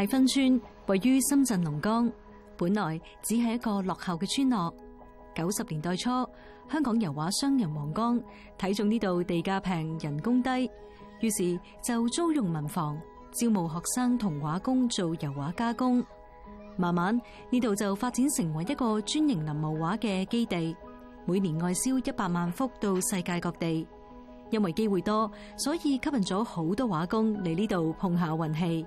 大芬村位於深圳龍崗，本來只係一個落後嘅村落。九十年代初，香港油畫商人黃江睇中呢度地價平、人工低，於是就租用民房，招募學生同畫工做油畫加工。慢慢呢度就發展成為一個專營臨摹畫嘅基地，每年外銷一百萬幅到世界各地。因為機會多，所以吸引咗好多畫工嚟呢度碰下運氣。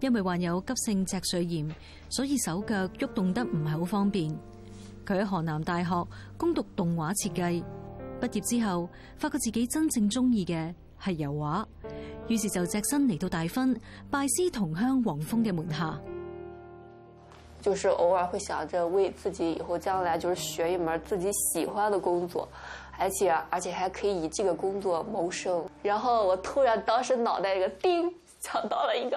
因為患有急性脊髓炎，所以手腳喐動得唔係好方便。佢喺河南大學攻讀動畫設計，畢業之後發覺自己真正中意嘅係油畫，於是就隻身嚟到大芬，拜師同鄉王峰嘅門下。就是偶爾會想着為自己以後將來就是學一門自己喜歡的工作，而且而且還可以以這個工作謀生。然後我突然當時腦袋一個叮，想到了一個。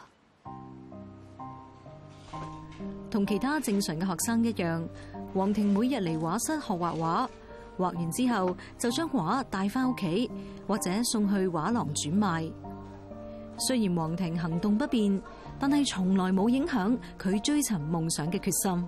同其他正常嘅學生一樣，王婷每日嚟畫室學畫畫，畫完之後就將畫帶翻屋企，或者送去畫廊轉賣。雖然王婷行動不便，但係從來冇影響佢追尋夢想嘅決心。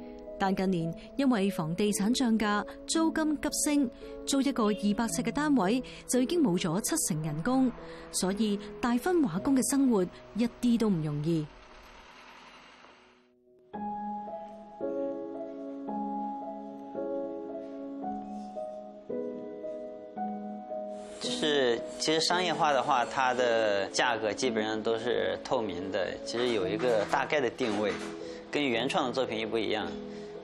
但近年因為房地產漲價，租金急升，租一個二百尺嘅單位就已經冇咗七成人工，所以大芬畫工嘅生活一啲都唔容易。就是其實商業化的話，它的價格基本上都是透明的，其實有一個大概的定位，跟原創的作品又唔一樣。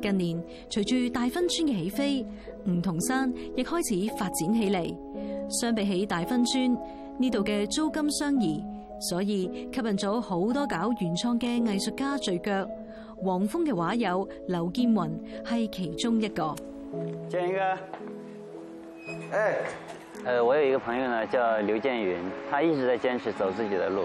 近年，隨住大芬村嘅起飛，梧桐山亦開始發展起嚟。相比起大芬村，呢度嘅租金相宜，所以吸引咗好多搞原創嘅藝術家聚腳。王峰嘅畫友劉建雲係其中一個。建哥，誒、欸，我有一個朋友呢，叫劉建雲，他一直在堅持走自己的路。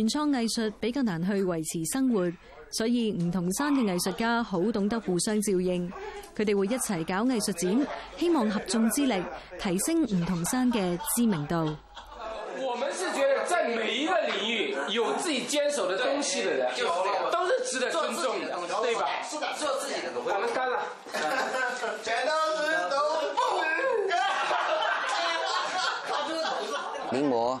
原創藝術比較難去維持生活，所以梧桐山嘅藝術家好懂得互相照應，佢哋會一齊搞藝術展，希望合眾之力提升梧桐山嘅知名度。我們是覺得，在每一個領域有自己堅守的東西的人，都是值得尊重，對吧？是的，做自己的，我們幹了，全都是都不幹。臨摹。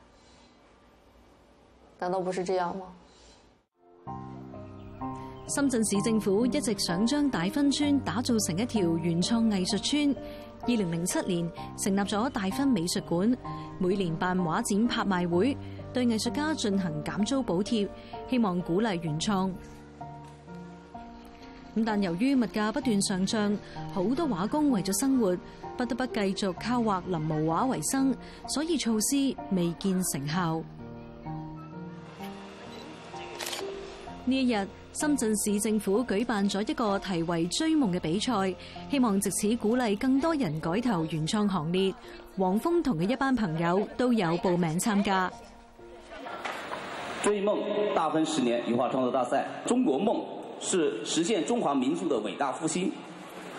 難道不是這樣嗎？深圳市政府一直想將大芬村打造成一條原創藝術村。二零零七年成立咗大芬美術館，每年辦畫展、拍賣會，對藝術家進行減租補貼，希望鼓勵原創。咁但由於物價不斷上漲，好多畫工為咗生活不得不繼續靠畫臨摹畫為生，所以措施未見成效。呢一日，深圳市政府舉辦咗一個題為《追夢》嘅比賽，希望借此鼓勵更多人改投原創行列。王峰同嘅一班朋友都有報名參加《追夢大芬十年油畫創作大賽》。中國夢是實現中華民族的偉大復興。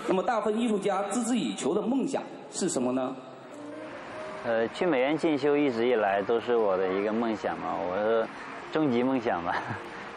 那麼，大芬藝術家孜孜以求的夢想是什麼呢？呃，去美院進修一直以來都是我的一個夢想嘛，我終極夢想嘛。